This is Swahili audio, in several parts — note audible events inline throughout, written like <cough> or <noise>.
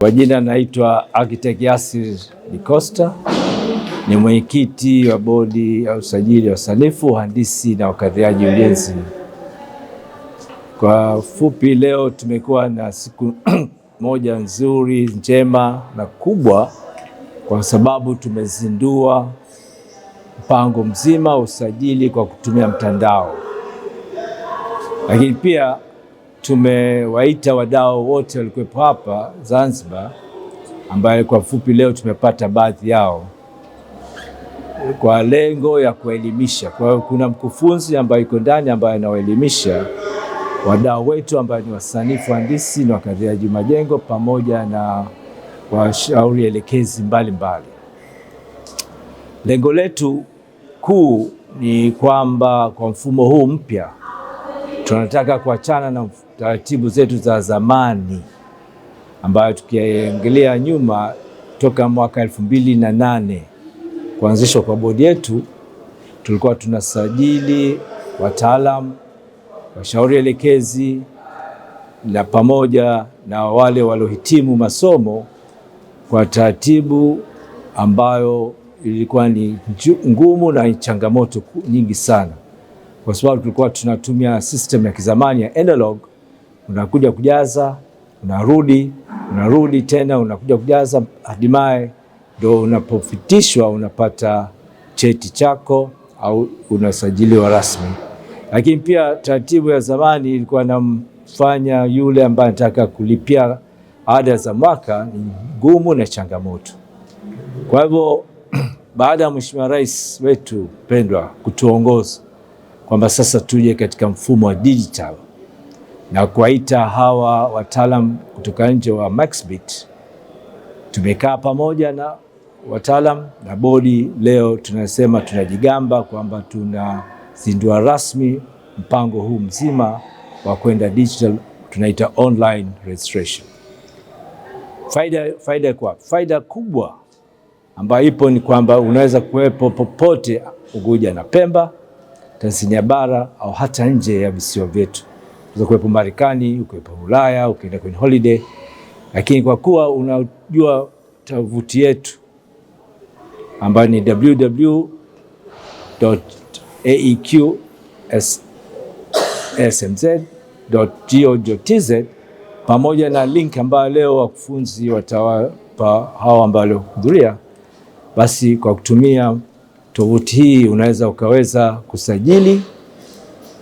Kwa jina naitwa Architect Yasir Dicosta, ni mwenyekiti wa bodi ya usajili wa sanifu uhandisi na wakadhiaji ujenzi. Kwa fupi, leo tumekuwa na siku <clears throat> moja nzuri njema na kubwa, kwa sababu tumezindua mpango mzima wa usajili kwa kutumia mtandao, lakini pia tumewaita wadau wote walikuwepo hapa Zanzibar, ambaye kwa fupi leo tumepata baadhi yao kwa lengo ya kuelimisha. Kwa hiyo kuna mkufunzi ambaye yuko ndani ambaye anawaelimisha wadau wetu ambao ni wasanifu, wahandisi na wakadhiaji majengo pamoja na washauri elekezi mbalimbali. Lengo letu kuu ni kwamba kwa mfumo huu mpya tunataka kuachana na taratibu zetu za zamani ambayo tukiangalia nyuma toka mwaka elfu mbili na nane kuanzishwa kwa bodi yetu, tulikuwa tunasajili wataalam, washauri elekezi na pamoja na wale waliohitimu masomo kwa taratibu ambayo ilikuwa ni ngumu na changamoto nyingi sana, kwa sababu tulikuwa tunatumia system ya kizamani ya analog unakuja kujaza, unarudi, unarudi tena, unakuja kujaza, hatimaye ndo unapofitishwa unapata cheti chako au unasajiliwa rasmi. Lakini pia taratibu ya zamani ilikuwa namfanya yule ambaye anataka kulipia ada za mwaka ni ngumu na changamoto. Kwa hivyo <clears throat> baada ya Mheshimiwa Rais wetu pendwa kutuongoza kwamba sasa tuje katika mfumo wa digital na kuwaita hawa wataalam kutoka nje wa Maxbit. Tumekaa pamoja na wataalam na bodi leo, tunasema tunajigamba kwamba tunazindua rasmi mpango huu mzima wa kwenda digital, tunaita online registration. Faida, faida kwa faida kubwa ambayo ipo ni kwamba unaweza kuwepo popote Unguja na Pemba, Tanzania bara au hata nje ya visiwa vyetu kuwepo Marekani, ukiwepo Ulaya, ukienda kwenye holiday, lakini kwa kuwa unajua tovuti yetu ambayo ni www.aeqsmz.go.tz pamoja na link ambayo leo wakufunzi watawapa hao ambao waliohudhuria, basi kwa kutumia tovuti hii unaweza ukaweza kusajili,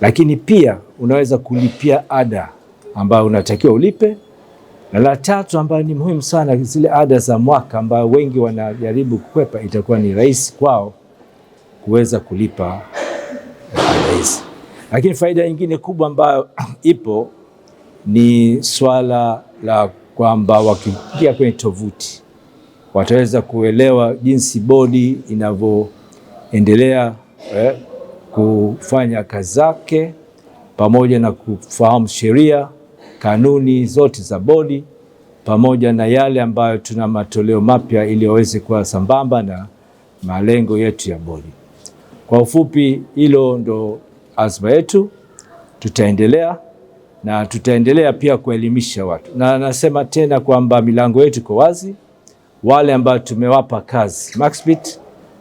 lakini pia unaweza kulipia ada ambayo unatakiwa ulipe, na la tatu ambayo ni muhimu sana, zile ada za mwaka ambayo wengi wanajaribu kukwepa, itakuwa ni rahisi kwao kuweza kulipa ada hizi. Lakini faida nyingine kubwa ambayo <clears throat> ipo ni swala la kwamba wakiingia kwenye tovuti wataweza kuelewa jinsi bodi inavyoendelea eh, kufanya kazi zake pamoja na kufahamu sheria, kanuni zote za bodi, pamoja na yale ambayo tuna matoleo mapya ili waweze kuwa sambamba na malengo yetu ya bodi. Kwa ufupi, hilo ndo azma yetu. Tutaendelea na tutaendelea pia kuelimisha watu, na nasema tena kwamba milango yetu iko wazi. Wale ambao tumewapa kazi Maxbit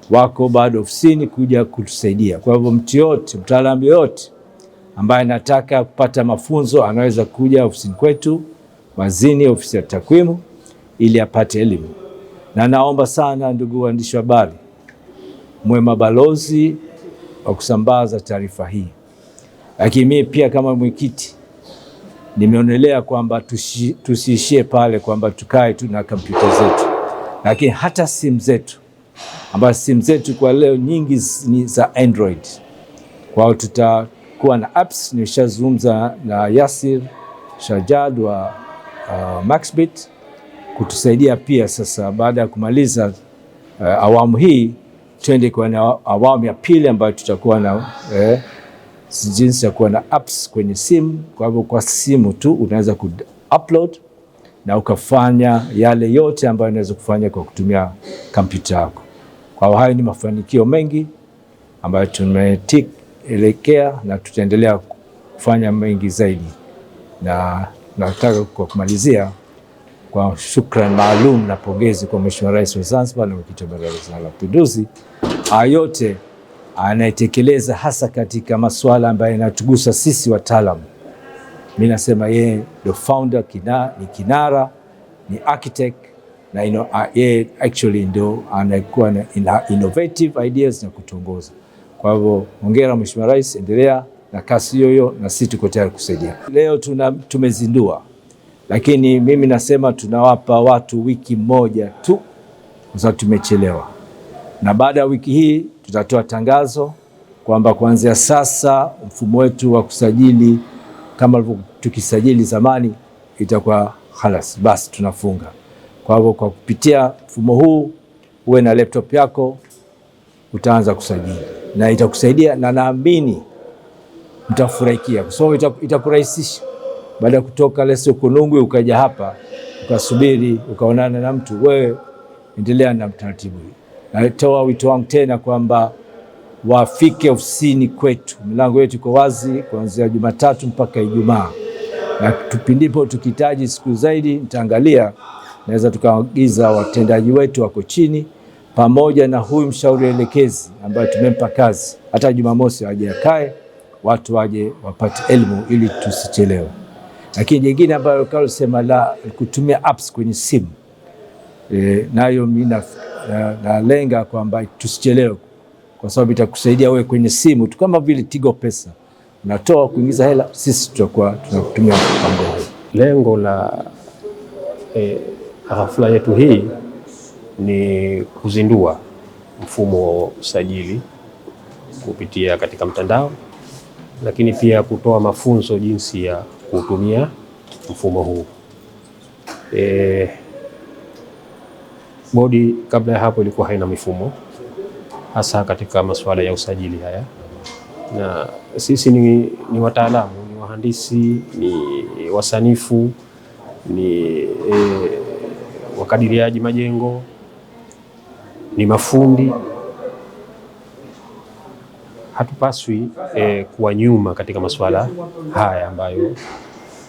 wako bado ofisini kuja kutusaidia. Kwa hivyo mtu yote, mtaalamu yoyote ambaye anataka kupata mafunzo anaweza kuja ofisini kwetu Mazini, ofisi ya takwimu, ili apate elimu. Na naomba sana ndugu waandishi wa habari, mwe mabalozi wa kusambaza taarifa hii. Lakini mimi pia kama mwenyekiti nimeonelea kwamba tusiishie pale kwamba tukae tu na kompyuta zetu, lakini hata simu zetu, ambazo simu zetu kwa leo nyingi ni za Android, kwao tuta kuwa na apps. Nilishazungumza na Yasir Shajad wa uh, Maxbit kutusaidia pia. Sasa baada ya kumaliza uh, awamu hii tuende kwa na awamu ya pili ambayo tutakuwa na eh, jinsi ya kuwa na apps kwenye simu. Kwa hivyo kwa simu tu unaweza ku upload na ukafanya yale yote ambayo unaweza kufanya kwa kutumia kompyuta yako. Kwa hiyo hayo ni mafanikio mengi ambayo tumetik elekea na tutaendelea kufanya mengi zaidi, na nataka kwa kumalizia kwa shukrani maalum na pongezi kwa Mheshimiwa Rais wa Zanzibar na Mwenyekiti wa Baraza la Mapinduzi, ayote anayetekeleza hasa katika masuala ambayo yanatugusa sisi wataalamu. Mi nasema yeye the founder kina, ni kinara ni architect na yeye actually ndio anakuwa na innovative ideas na kutongoza kwa hivyo hongera Mheshimiwa Rais, endelea na kasi hiyo hiyo, na sisi tuko tayari kusaidia. Leo tuna, tumezindua, lakini mimi nasema tunawapa watu wiki moja tu, kwa sababu tumechelewa, na baada ya wiki hii tutatoa tangazo kwamba kuanzia sasa mfumo wetu wa kusajili kama tukisajili zamani itakuwa halas, basi tunafunga. Kwa hivyo kwa kupitia mfumo huu uwe na laptop yako utaanza kusajili na itakusaidia, na naamini mtafurahikia kwa sababu so, itakurahisisha baada ya kutoka lesi Ukunungwi ukaja hapa ukasubiri ukaonana na mtu, wewe endelea na hii. Natoa wito wangu tena kwamba wafike ofisini kwetu, milango yetu iko wazi kuanzia Jumatatu mpaka Ijumaa, na tupindipo tukihitaji siku zaidi nitaangalia, naweza tukaagiza watendaji wetu wako chini pamoja na huyu mshauri elekezi ambaye tumempa kazi, hata Jumamosi waje akae, watu waje wapate elimu ili tusichelewe. Lakini jingine ambayo kalosema la kutumia apps kwenye simu e, nayo mimi nalenga na kwamba tusichelewe, kwa sababu itakusaidia wewe kwenye simu tu, kama vile Tigo Pesa natoa kuingiza hela, sisi tutakuwa tunakutumia mpango huu. Lengo la e, hafla yetu hii ni kuzindua mfumo wa usajili kupitia katika mtandao, lakini pia kutoa mafunzo jinsi ya kutumia mfumo huu. E, bodi kabla ya hapo ilikuwa haina mifumo hasa katika masuala ya usajili haya, na sisi ni, ni wataalamu, ni wahandisi, ni wasanifu, ni e, wakadiriaji majengo ni mafundi. Hatupaswi eh, kuwa nyuma katika masuala haya ambayo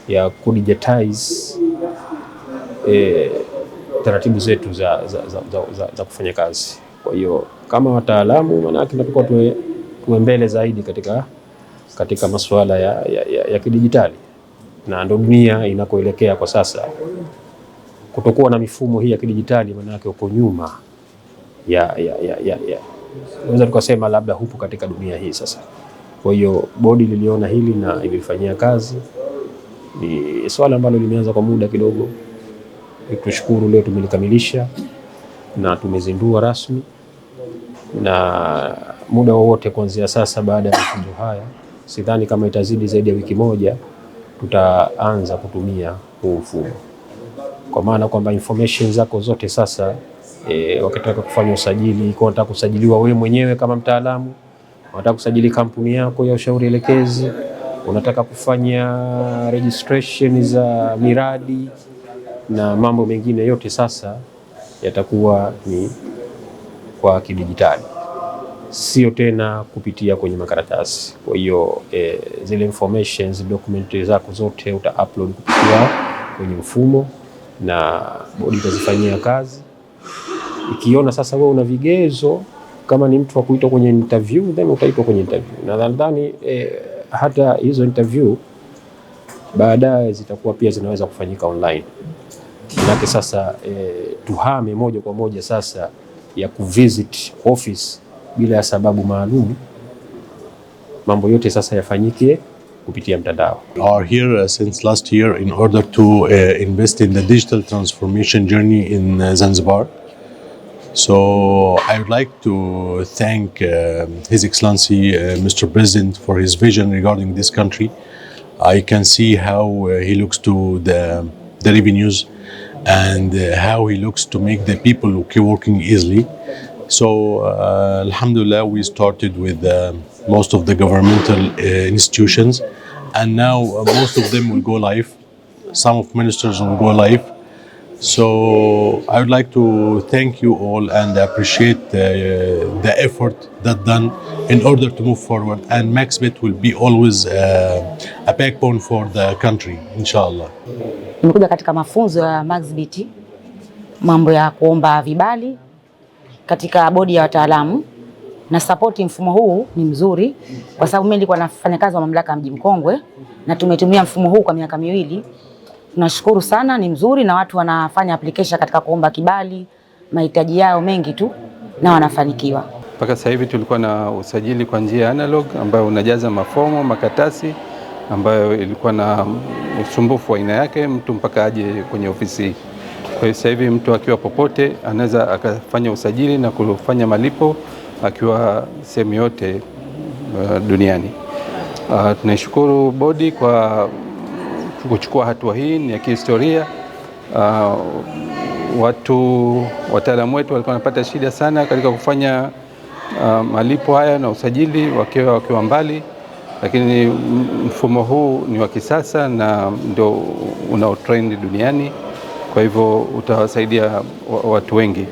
ya kudigitize eh, taratibu zetu za, za, za, za, za, za kufanya kazi. Kwa hiyo kama wataalamu, maanake tunatakiwa tuwe, tuwe mbele zaidi katika, katika masuala ya, ya, ya, ya kidijitali na ndo dunia inakoelekea kwa sasa. Kutokuwa na mifumo hii ya kidijitali, maanake uko nyuma ya, ya, ya, ya, ya. Unaweza tukasema labda hupo katika dunia hii sasa. Kwa hiyo bodi liliona hili na ilifanyia kazi. Ni swala ambalo limeanza kwa muda kidogo, tushukuru leo tumelikamilisha na tumezindua rasmi, na muda wowote kuanzia sasa, baada ya mafunzo haya, sidhani kama itazidi zaidi ya wiki moja, tutaanza kutumia huu mfumo, kwa maana kwamba information zako zote sasa e, wakitaka kufanya usajili, ikiwa unataka kusajiliwa wewe mwenyewe kama mtaalamu, unataka kusajili kampuni yako ya ushauri elekezi, unataka kufanya registration za miradi na mambo mengine yote, sasa yatakuwa ni kwa kidijitali, sio tena kupitia kwenye makaratasi. Kwa hiyo e, zile information document zako zote uta upload kupitia kwenye mfumo na bodi itazifanyia kazi. Ikiona sasa wewe una vigezo kama ni mtu wa kuitwa kwenye interview, then utaitwa kwenye interview, na nadhani eh, hata hizo interview baadaye zitakuwa pia zinaweza kufanyika online. Manake sasa eh, tuhame moja kwa moja sasa ya kuvisit office bila ya sababu maalum, mambo yote sasa yafanyike kupitia mtandao. Are here uh, since last year in order to uh, invest in the digital transformation journey in uh, Zanzibar. So I would like to thank uh, His Excellency uh, Mr. President for his vision regarding this country. I can see how uh, he looks to the, the revenues and uh, how he looks to make the people okay working easily. So uh, Alhamdulillah, we started with uh, most of the governmental uh, institutions and now uh, most of them will go live. Some of ministers will go live So I would like to thank you all and appreciate uh, the effort that done in order to move forward. And MaxBit will be always uh, a backbone for the country, inshallah. Nimekuja katika mafunzo ya MaxBit, mambo ya kuomba vibali katika bodi ya wataalamu na sapoti. Mfumo huu ni mzuri kwa sababu mimi nilikuwa nafanya kazi wa mamlaka ya mji Mkongwe na tumetumia mfumo huu kwa miaka miwili tunashukuru sana, ni mzuri na watu wanafanya application katika kuomba kibali, mahitaji yao mengi tu na wanafanikiwa. Mpaka sasa hivi tulikuwa na usajili kwa njia ya analog, ambayo unajaza mafomu makatasi, ambayo ilikuwa na usumbufu wa aina yake, mtu mpaka aje kwenye ofisi hii. Kwa hiyo sasa hivi mtu akiwa popote anaweza akafanya usajili na kufanya malipo akiwa sehemu yote uh, duniani. Uh, tunaishukuru bodi kwa kuchukua hatua hii ni ya kihistoria. Uh, watu wataalamu wetu walikuwa wanapata shida sana katika kufanya uh, malipo haya na usajili wakiwa wakiwa mbali, lakini mfumo huu ni wa kisasa na ndio unaotrend duniani, kwa hivyo utawasaidia watu wengi.